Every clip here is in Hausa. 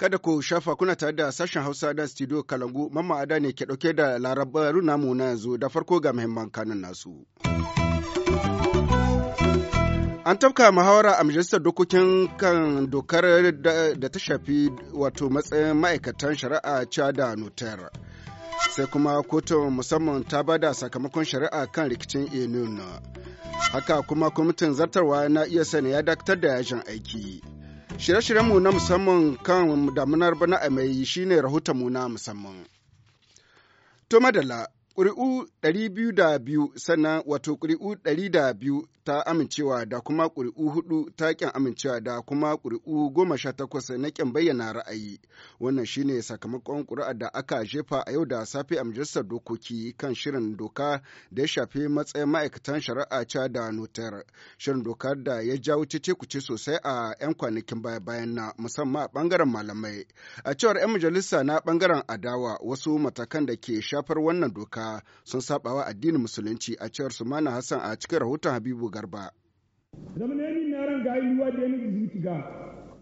kada ku shafa kuna tare da sashen hausa da studio kalangu mamma ada ne ke dauke da larabarun namu na yanzu da farko ga muhimman kanun nasu. An tafka muhawara a majalisar dokokin kan dokar da ta shafi wato matsayin ma'aikatan shari'a cada notar. Sai kuma kotun musamman ta bada sakamakon shari'a kan rikicin Enun. Haka kuma kwamitin zartarwa na iya e sani ya dakatar da yajin aiki. Shirye-shiryenmu na musamman kan damunar bana a mai shine rahotonmu na musamman. To madala ƙuri'u 202 sannan wato ƙuri'u 102 ta amincewa da kuma ƙuri'u hudu ta ƙin amincewa da kuma ƙuri'u goma sha takwas na ƙin bayyana ra'ayi wannan shine sakamakon ƙuri'a da aka jefa a yau da safe a majalisar dokoki kan shirin doka da ya shafi matsayin ma'aikatan shari'a ca da notar shirin dokar da ya jawo cece kuce sosai a 'yan kwanakin baya bayan na musamman a ɓangaren malamai a cewar 'yan majalisa na ɓangaren adawa wasu matakan da ke shafar wannan doka doka sun sabawa addinin musulunci a cewar Sumana Hassan a cikin rahoton Habibu Garba.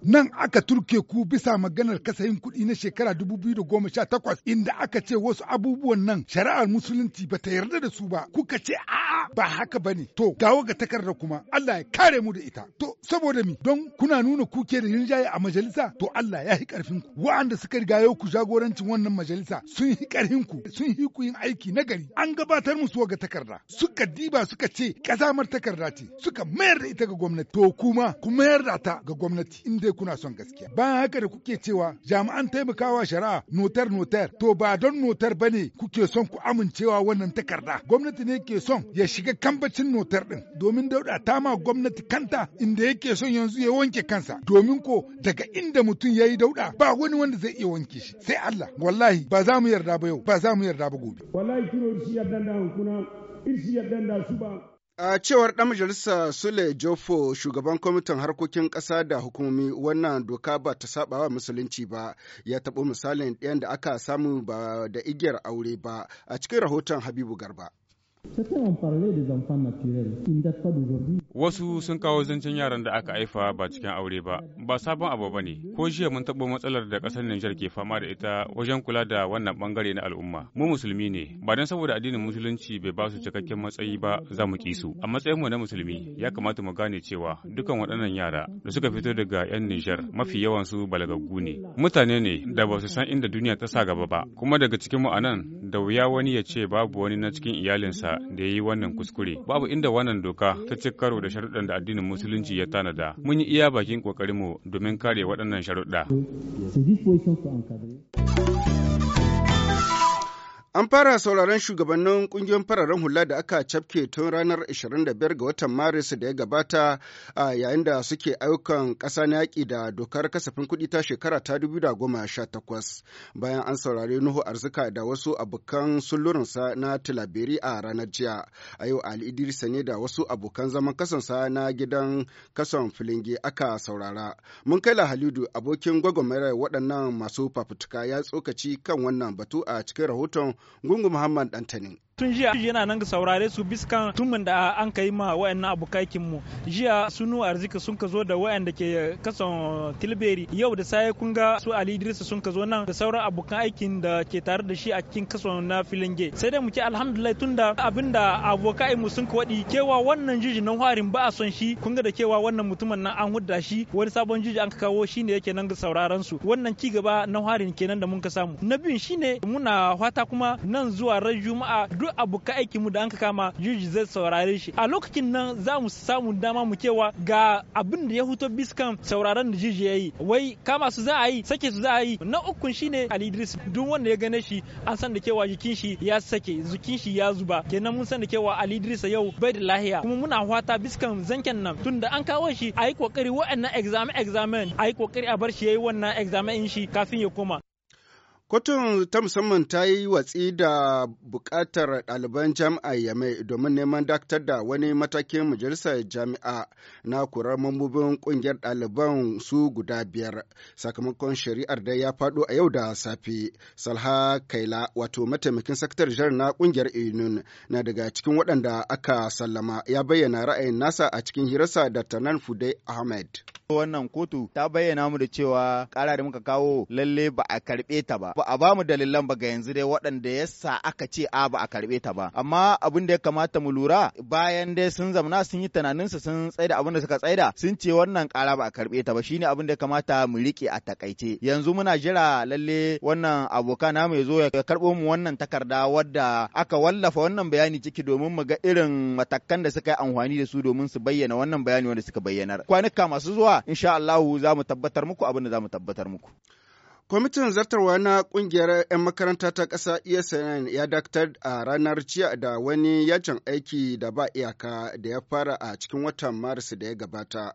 nan aka turke ku bisa maganar kasayin kuɗi na shekara 2018 inda aka ce wasu abubuwan nan shari'ar musulunci ba ta yarda da su ba kuka ce a'a ba haka bane to dawo ga takarda kuma Allah ya kare mu da ita to saboda mi don kuna nuna kuke da rinjaye a majalisa to Allah ya yi karfin ku wa'anda suka riga yau ku jagorancin wannan majalisa sun yi karfin ku sun yi ku yin aiki na gari an gabatar musu ga takarda suka diba suka ce kazamar takarda ce suka mayar da ita ga gwamnati to kuma ku mayar da ta ga gwamnati in dai kuna son gaskiya bayan haka da kuke cewa jami'an taimakawa shari'a notar notar to ba don notar bane kuke son ku amincewa wannan takarda gwamnati ne ke son ya shiga kambacin notar ɗin domin dauda ta ma gwamnati kanta inda yake son yanzu ya wanke kansa domin ko daga inda mutum ya yi dauda ba wani wanda zai iya wanke shi sai Allah wallahi ba za mu yarda ba yau ba za mu yarda ba gobe. Wallahi kiro shi yarda da hukuna shi yarda da su ba. A cewar ɗan majalisa Sule Jofo shugaban kwamitin harkokin ƙasa da hukumomi wannan doka ba ta wa musulunci ba ya taɓo misalin ɗayan da aka samu ba da igiyar aure ba a cikin rahoton Habibu Garba. Wasu sun kawo zancen yaran da aka haifa ba cikin aure ba, ba sabon abu ba ne, ko jiya mun taɓo matsalar da ƙasar Nijar ke fama da ita wajen kula da wannan bangare na al'umma. Mu musulmi ne, ba don saboda addinin musulunci bai ba su cikakken matsayi ba za mu ƙi su. A matsayinmu na musulmi ya kamata mu gane cewa dukan waɗannan yara da suka fito daga 'yan Nijar mafi yawansu balagaggu ne. Mutane ne da ba su san inda duniya ta sa gaba ba, kuma daga cikin mu anan da wuya wani ya ce babu wani na cikin iyalinsa kamata da ya yi wannan kuskure. Babu inda wannan doka ta ci karo da sharuɗan da addinin musulunci ya tanada. Mun yi iya bakin ƙoƙarinmu domin kare waɗannan sharuɗa. An fara sauraron shugabannin kungiyoyin fararen hula da aka cafke tun ranar 25 ga watan Maris da ya gabata a yayin da suke ayyukan ƙasa na yaƙi da dokar kasafin kuɗi ta shekara ta 2018 bayan an saurari Nuhu Arzika da wasu abokan sullurinsa na Tilaberi a ranar jiya. A yau Ali Idrisa ne da wasu abokan zaman kasansa na gidan kasan Filinge aka saurara. Mun kai la'halidu, abokin gwagwarmayar waɗannan masu fafutuka ya tsokaci kan wannan batu a cikin rahoton Gungu Muhammad Dantanin. tun jiya yana nan saurare su biskan tumin da an kai ma wayannan abokakin mu jiya sunu arziki sun ka zo da wayanda ke kasan tilberi yau da sai kun ga su ali idris sun ka zo nan da sauran abokan aikin da ke tare da shi a cikin kasan na filinge sai dai muke alhamdulillah tunda abinda abokai mu sun ka wadi kewa wannan jiji nan harin ba a son shi kun ga da kewa wannan mutumin nan an hudda shi wani sabon jiji an ka kawo shi ne yake nan ga sauraron su wannan ci gaba na harin kenan da mun ka samu na biyun shine muna fata kuma nan zuwa ran juma'a duk abu ka aiki mu da an ka kama juji zai saurare shi a lokacin nan za mu samu dama mu kewa ga abin da ya huto biskan sauraron da juji ya yi wai kama su za a yi sake su za a yi na ukun shine Ali Idris duk wanda ya gane shi an san da kewa jikin shi ya sake jikin shi ya zuba kenan mun san da kewa Ali Idris yau bai da lahiya kuma muna fata biskan zanken nan tunda an kawo shi a yi kokari waɗannan examen examen a yi kokari a bar shi ya yi wannan examen shi kafin ya koma Kotun ta musamman ta yi watsi da bukatar ɗaliban jami'a mai, domin neman daktar da wani matakin majalisar jami'a na kurar mambobin ƙungiyar ɗaliban su guda biyar. Sakamakon shari'ar da ya faɗo a yau da safe. Salha Kaila wato mataimakin sakatar jihar na ƙungiyar Inun na daga cikin waɗanda aka sallama ya bayyana ra'ayin nasa a cikin hirarsa da Tanan Fudai Ahmed. Wannan kotu ta bayyana mu da cewa kara da muka kawo lalle ba a karɓe ta ba. Ba a ba mu dalilan ba ga yanzu dai waɗanda ya sa aka ce a ba a karɓe ta ba. Amma abin da ya kamata mu lura bayan dai sun zamana sun yi tunanin tunaninsu sun tsaida abin da suka tsaida sun ce wannan kara ba a karbe ta ba shine abin da ya kamata mu rike a takaice. Yanzu muna jira lalle wannan aboka namu ya zo ya karɓo mu wannan takarda wadda aka wallafa wannan bayani ciki domin mu ga irin matakan da suka yi amfani da su domin su bayyana wannan bayani wanda suka bayyana Kwanuka masu zuwa insha Allah za mu tabbatar muku abin da za mu tabbatar muku. Kwamitin zartarwa na ƙungiyar 'yan makaranta ta ƙasa ESN ya daktar a ranar jiya da wani yajin aiki da ba iyaka da ya fara a cikin watan Maris da ya gabata.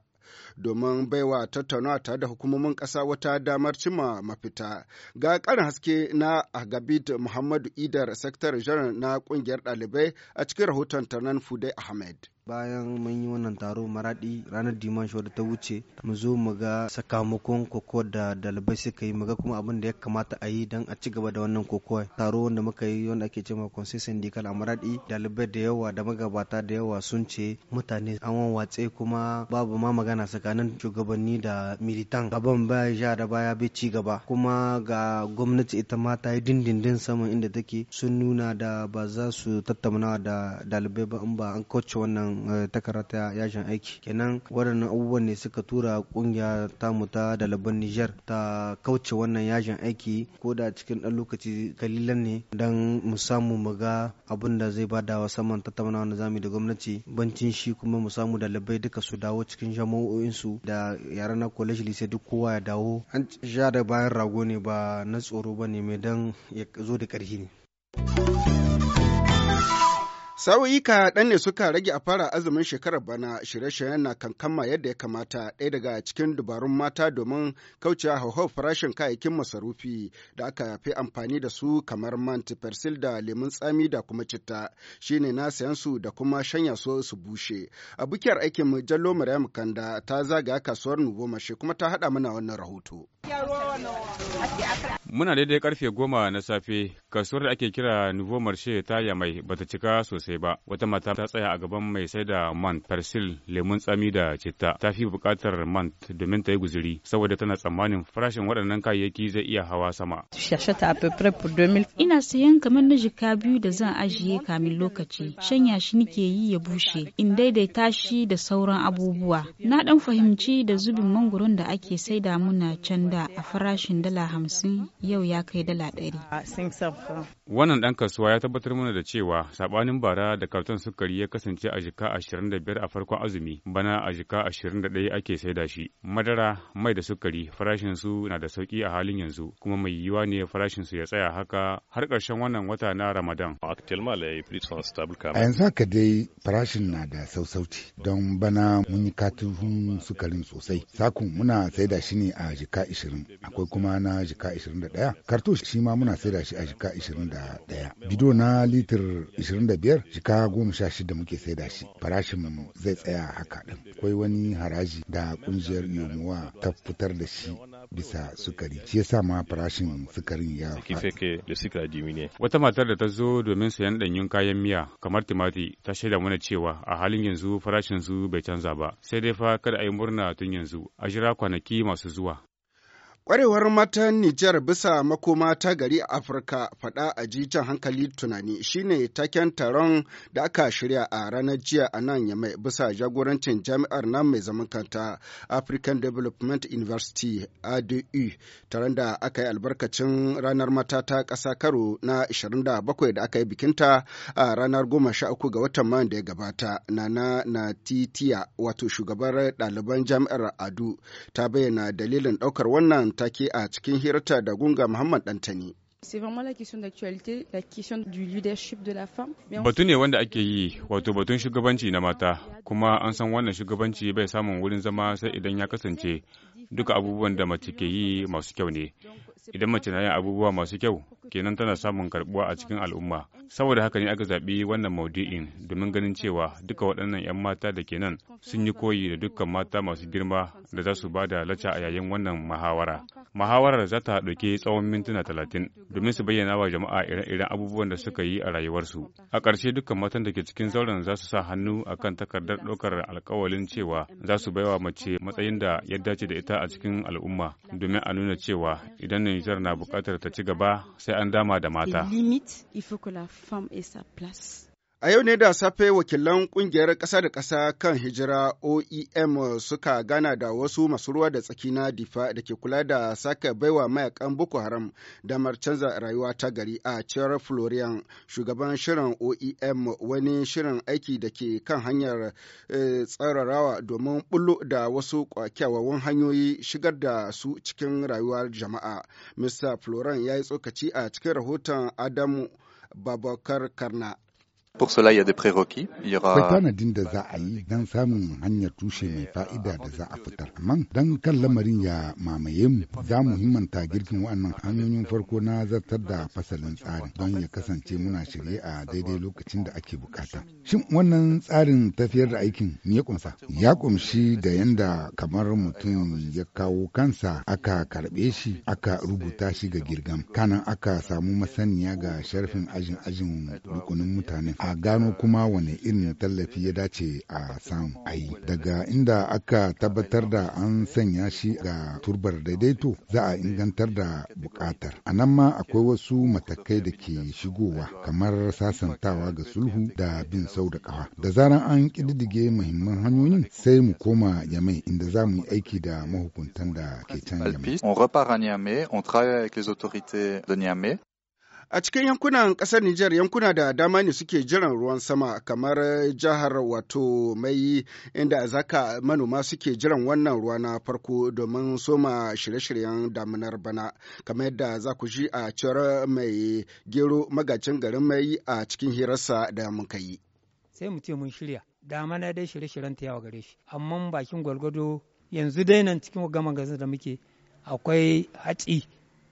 domin baiwa tattaunawa tare da hukumomin ƙasa wata damar cimma mafita. Ga ƙarin haske na Agabid Muhammadu Idar, Sektar Jiran na ƙungiyar ɗalibai a cikin rahoton Tarnan Fude Ahmed. bayan mun yi wannan taro maradi ranar diman wadda ta wuce mu zo mu ga sakamakon koko da dalibai suka yi mu ga kuma abin da ya kamata a yi don a ci gaba da wannan koko taro wanda muka yi wanda ake cewa conseil syndical a maradi dalibai da yawa da magabata da yawa sun ce mutane an watse kuma babu ma magana tsakanin shugabanni da militan gaban baya sha da baya bai ci gaba kuma ga gwamnati ita ma ta yi dindindin saman inda take sun nuna da ba za su tattauna da dalibai ba in ba an kauce wannan eh, ta yashin aiki kenan waɗannan abubuwan ne suka tura kungiya tamu ta daliban Nijar ta kauce wannan yashin aiki ko da cikin ɗan lokaci kalilan ne don mu samu mu ga abin da zai bada wa saman tattaunawa na zamu da gwamnati bancin shi kuma mu samu dalibai duka su dawo cikin jama'o'in su da yaran na college lycée duk kowa ya dawo an sha da bayan rago ne ba na tsoro ba ne mai dan ya zo da karhi ne Sa'o'i kaɗan ne suka rage a fara azumin shekarar bana shirye-shiryen na kankama yadda ya kamata ɗaya daga cikin dubarun mata domin kaucewa hauhau farashin kayayyakin masarufi da aka fi amfani da su kamar man persil da lemun tsami da kuma citta shine na sayan su da kuma shanya su su bushe. A bukiyar aikin mu Jallo Maryam Kanda ta zagaya kasuwar Nubo Mashe kuma ta haɗa mana wannan rahoto. Muna daidai karfe goma na safe, kasuwar da ake kira Nouveau Marché ta Yamai bata cika sosai ba. Wata mata ta tsaya a gaban mai sai da man persil, lemun tsami da citta. Ta fi bukatar man domin ta yi guzuri, saboda tana tsammanin farashin waɗannan kayayyaki zai iya hawa sama. Ina sayan kamar na jika biyu da zan ajiye kamin lokaci. Shanya shi nike yi ya bushe, in daidaita shi da sauran abubuwa. Na ɗan fahimci da zubin mangoron da ake saida muna can da a farashin dala hamsin yau ya kai dala ɗari. Ah, ah. Wannan ɗan kasuwa ya tabbatar mana da cewa saɓanin bara da karton sukari ya kasance a jika biyar a farkon azumi bana a jika ɗaya ake saida shi. Madara, mai da sukari farashin su na da sauki a halin yanzu kuma mai yiwuwa ne farashin su ya tsaya haka har ƙarshen wannan wata na Ramadan. A yanzu haka dai farashin na da sausauci don bana mun yi katuhun sukarin sosai. Sakun muna saida shi ne a jika 20 akwai kuma na jika 25. ɗaya kartush shi ma muna saida shi a jika ishirin ɗaya bido na litir ishirin da biyar jika goma sha muke saida shi farashin mu zai tsaya haka ɗin akwai wani haraji da ƙungiyar yomuwa ta fitar da shi bisa sukari shi yasa ma farashin sukarin ya faɗi. Wata matar da ta zo domin sayan ɗanyun kayan miya kamar timati ta shaida mana cewa a halin yanzu farashin su bai canza ba sai dai fa kada a yi murna tun yanzu a jira kwanaki masu zuwa. Kwarewar matan Nijar bisa makoma ta gari a Afirka faɗa a jijan hankali tunani shine taken taron da aka shirya a ranar jiya a nan ya mai, bisa jagorancin jami'ar nan mai zaman kanta African Development University ADU taron da aka yi albarkacin ranar mata ta ƙasa karo na 27 da aka yi bikinta a ranar 13 ga watan man da ya gabata. Nana Natitiya wato shugabar ɗaliban jami'ar Adu ta bayyana dalilin ɗaukar wannan take a cikin hirarta da gunga Muhammad Dantani. Batu ne wanda ake yi wato batun shugabanci na mata kuma an san wannan shugabanci bai samun wurin zama sai idan ya kasance duka abubuwan da mace ke yi masu kyau ne Idan mace na yin abubuwa masu kyau, kenan tana samun karbuwa a cikin al'umma. Saboda haka ne aka zaɓi wannan maudu'in domin ganin cewa duka waɗannan 'yan mata da kenan sun yi koyi da dukkan mata masu girma da za su ba da lacca a yayin wannan mahawara mahawarar za ta tsawon mintuna talatin domin su bayyana wa jama'a ire-iren abubuwan da suka yi a rayuwarsu. A ƙarshe dukkan matan da ke cikin zauren za su sa hannu a kan takardar ɗaukar alkawalin cewa za su wa mace matsayin da ya dace da ita a cikin al'umma domin a nuna cewa idan ne Nijar na bukatar ta ci gaba sai an dama da mata. A yau ne da safe wakilan kungiyar ƙasa da ƙasa kan hijira OEM suka gana da wasu masu ruwa da tsaki na difa da ke kula da saka baiwa mayakan Boko Haram damar canza rayuwa ta gari a cewar Florian shugaban shirin OEM wani shirin aiki da ke kan hanyar eh, tsararawa domin bullo da wasu kyawawan hanyoyi shigar da su cikin rayuwar jama'a. Mr. Florian ya yi tsokaci a cikin rahoton Adamu Babakar Karna. Pour cela, il y a des prérequis. da za a yi don samun hanyar tushe mai fa'ida da za a fitar. Amma don kan lamarin ya mamaye mu, za mu himmanta girkin wannan hanyoyin farko na zartar da fasalin tsarin don ya kasance muna shirye a daidai lokacin da ake bukata. Shin wannan tsarin tafiyar da aikin me ya kunsa? Ya kumshi da yanda kamar mutum ya kawo kansa aka karɓe shi aka rubuta shi ga girgam. Kanan aka samu masaniya ga sharfin ajin ajin rukunin mutane. a gano kuma Wani irin tallafi ya dace a samu ayi. daga inda aka tabbatar da an sanya shi ga turbar daidaito za a ingantar da bukatar a nan ma akwai wasu matakai da ke shigowa kamar sasantawa ga sulhu da bin sau da kawa da zaran an ƙididdige muhimman hanyoyin sai mu koma yamai inda za mu yi aiki da mahukuntan da ke can yamai on repart à A cikin yankunan kasar Nijar yankuna da dama ne suke jiran ruwan sama kamar jihar wato mai inda zaka manoma suke jiran wannan ruwa na farko domin soma shirye-shiryen damunar bana kamar yadda za ku ji a cewar mai gero magacin garin mai a cikin hirarsa da muka yi. Sai mu ce mun shirya na dai shirye-shiryen ta yawa gare shi amma bakin gwalgwado yanzu dai nan cikin gama da muke akwai hatsi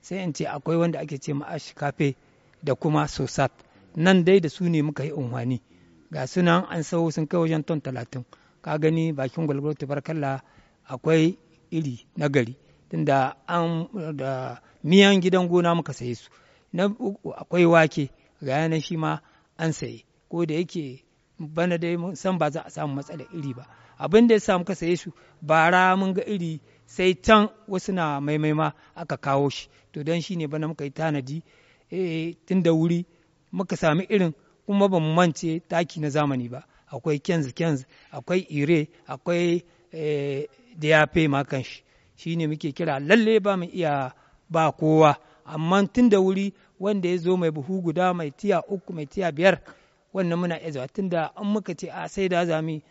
sai in ce akwai wanda ake ce ma kafe da kuma sosat nan dai da su ne muka yi unhwani ga sunan an sau sun kai wajen ton talatin ka gani bakin gwalgwar tabarkalla akwai iri na gari tunda an da miyan gidan gona muka saye su na akwai wake ga yanan shi ma an saye ko da yake bana dai san ba za a samu matsalar iri ba abin da ya sa muka saye su bara mun ga iri sai can wasu na maimaima aka kawo shi to don shi ne bana muka yi tanadi eh, tun da wuri muka sami irin kuma ba mu mance taki na zamani ba akwai kenz kenz akwai ire akwai eh, da ya kan shi shi ne muke kira lalle ba mu iya ba kowa amma tun da wuri wanda ya zo mai buhu guda mai tiya uku mai tiya biyar wannan muna iya zuwa tun da an muka ce a sai da zami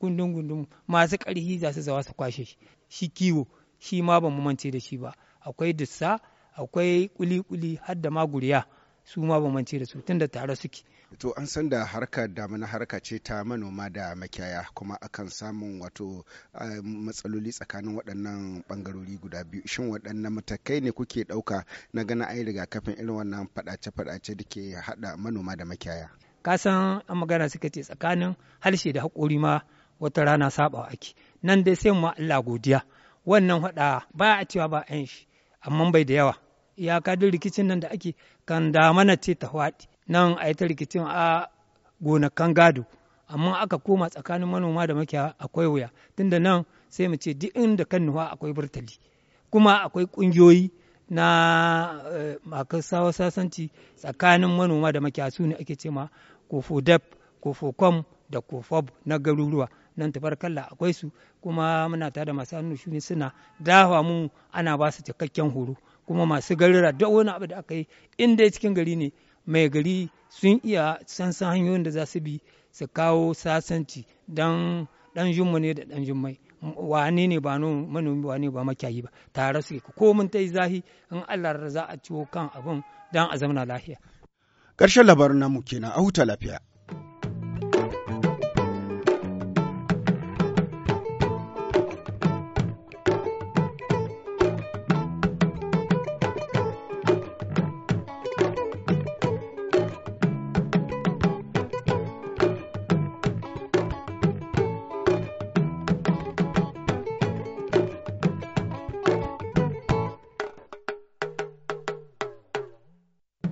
gundun gundun masu ƙarfi za su zawa su kwashe shi shi kiwo shi ma ba mu mance da shi ba akwai dussa akwai kuli-kuli har da ma guriya su ma ba mance da su tunda tare suke to an san da harkar damuna harka ce ta manoma da makiyaya kuma akan samun wato matsaloli tsakanin waɗannan bangarori guda biyu shin waɗannan matakai ne kuke ɗauka na gana ai rigakafin irin wannan faɗace-faɗace da ke haɗa manoma da makiyaya ka san an magana suka ce tsakanin harshe da haƙori ma wata rana sabawa ake nan dai sai mu Allah godiya wannan hada ba a cewa ba a shi amma bai da yawa iyaka duk rikicin nan da ake kan da mana ce ta waɗi nan a yi ta rikicin a gonakan gado amma aka koma tsakanin manoma da makiya akwai wuya tunda nan sai mu ce duk inda kan nuwa akwai burtali kuma akwai ƙungiyoyi na eh, makar sasanci tsakanin manoma da makiya su ne ake ce ma kufu kwam da kufob na garuruwa nan tabarkalla akwai su kuma muna tare da masu hannu shuni suna dafa mu ana ba su cikakken horo kuma masu garura duk wani abu da aka yi in dai cikin gari ne mai gari sun iya san san hanyoyin da za su bi su kawo sasanci dan dan jumma ne da dan jummai wane ne ba manomi wane ba makiyayi ba tare su ko mun ta yi zahi in Allah za a ciwo kan abun dan a zamana lafiya Ƙarshen labarin namu kenan a huta lafiya.